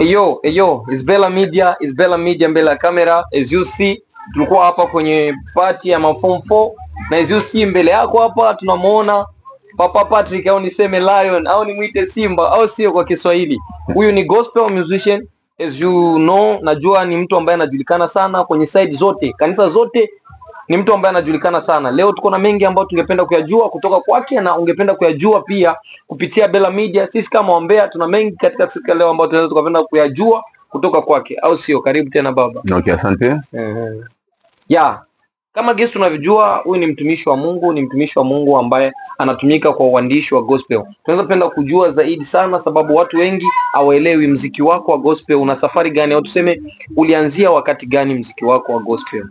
Eyo, eyo, is Bella Media, is Bella Media mbele ya kamera. As you see, tulikuwa hapa kwenye party ya maform 4 na as you see mbele yako hapa tunamuona Papa Patrick au niseme Lion au nimwite Simba au sio kwa Kiswahili. Huyu ni gospel musician as you know, najua ni mtu ambaye anajulikana sana kwenye side zote, kanisa zote ni mtu ambaye anajulikana sana. Leo tuko na mengi ambayo tungependa kuyajua kutoka kwake na ungependa kuyajua pia kupitia Bela Media. Sisi kama Ombea tuna mengi katika siku ya leo ambayo tunaweza tukapenda kuyajua kutoka kwake, au sio? Karibu tena baba. Okay, asante. Eh, ya kama gesi unavyojua, huyu ni mtumishi wa Mungu, ni mtumishi wa Mungu ambaye anatumika kwa uandishi wa gospel. Tunaweza penda kujua zaidi sana, sababu watu wengi hawaelewi mziki wako wa gospel una safari gani, au tuseme ulianzia wakati gani mziki wako wa gospel.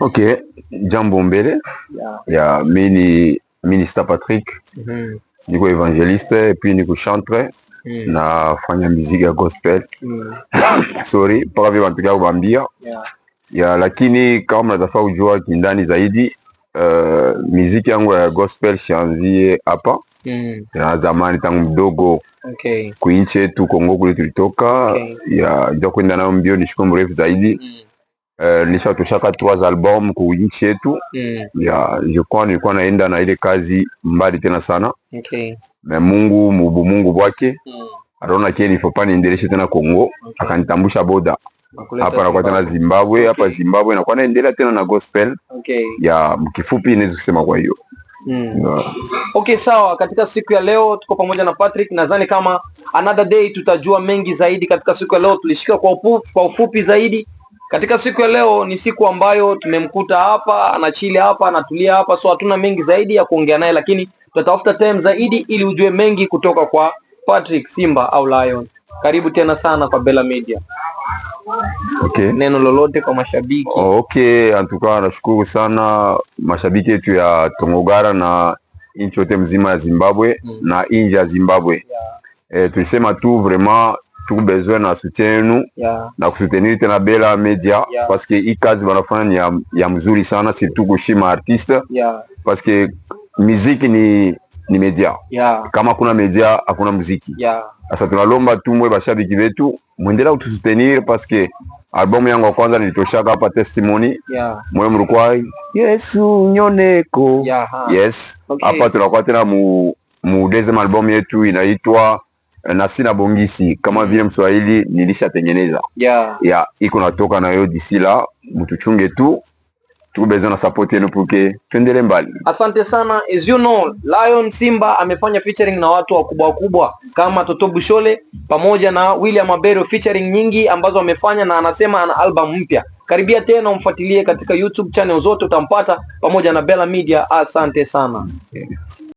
Okay, jambo mbele ya yeah. Yeah, mi ni Minister Patrick mm -hmm. Niko evangeliste puis niko chantre mm. -hmm. na fanya muziki ya gospel mm. -hmm. sorry mpaka vile wanatokea kubambia yeah. Yeah, lakini kama mnatafuta kujua kindani zaidi uh, muziki yangu ya gospel sianzie hapa mm. -hmm. na zamani tangu mdogo okay. kuinchi yetu Kongo kule tulitoka okay. ya ndio kwenda nayo mbio nishukuru mrefu zaidi mm. -hmm. Eh, nisha nishatoshaka trois album ku nchi yetu mm. Yeah, nilikuwa nilikuwa naenda na ile kazi mbali tena sana okay. Na Mungu mubu Mungu bwake mm. Arona kile nilipopa niendeleshe tena Kongo okay. Akanitambusha boda hapa nakuwa tena Zimbabwe hapa okay. Zimbabwe nakuwa naendelea tena na gospel okay. Ya mkifupi naweza kusema kwa hiyo Mm. No. Okay, sawa. Katika siku ya leo tuko pamoja na Patrick. Nadhani kama another day tutajua mengi zaidi. Katika siku ya leo tulishika kwa ufupi, kwa ufupi zaidi katika siku ya leo ni siku ambayo tumemkuta hapa anachili hapa anatulia hapa, so hatuna mengi zaidi ya kuongea naye, lakini tutatafuta time zaidi ili ujue mengi kutoka kwa Patrick Simba au Lion. Karibu tena sana kwa Bela Media. Okay. Neno lolote kwa mashabiki? Okay, antukaa nashukuru sana mashabiki yetu ya Tongogara na nchi yote mzima ya Zimbabwe mm. na nje ya Zimbabwe yeah. E, tulisema tu vraiment tuku besoin na soutien yenu yeah. na kusutenir tena Bela Media yeah. parce que hii kazi wanafanya ni ya, ya mzuri sana surtout kushima artiste yeah. parce que muziki ni, ni media yeah. kama kuna media hakuna muziki yeah. Sasa tunalomba tu mwe bashabiki betu mwendelea kutusutenir parce que albamu yangu ya kwanza nilitoshaka hapa testimony yeah. mwe mrukwai Yesu nyoneko yeah, yes hapa okay. tunakuwa tena mu, mu deuxième album yetu inaitwa Eh, na sina bongisi kama vile Mswahili nilishatengeneza yeah. Yeah, iko natoka nayo disila, mutuchunge tu tukubezwa na support yenu puke twendele mbali. Asante sana. As you know, Lion Simba amefanya featuring na watu wakubwa wakubwa kama Toto Bushole pamoja na William Abero, featuring nyingi ambazo amefanya na anasema ana album mpya karibia tena. Umfuatilie katika YouTube channel zote utampata pamoja na Bella Media. Asante sana. Okay. Eh.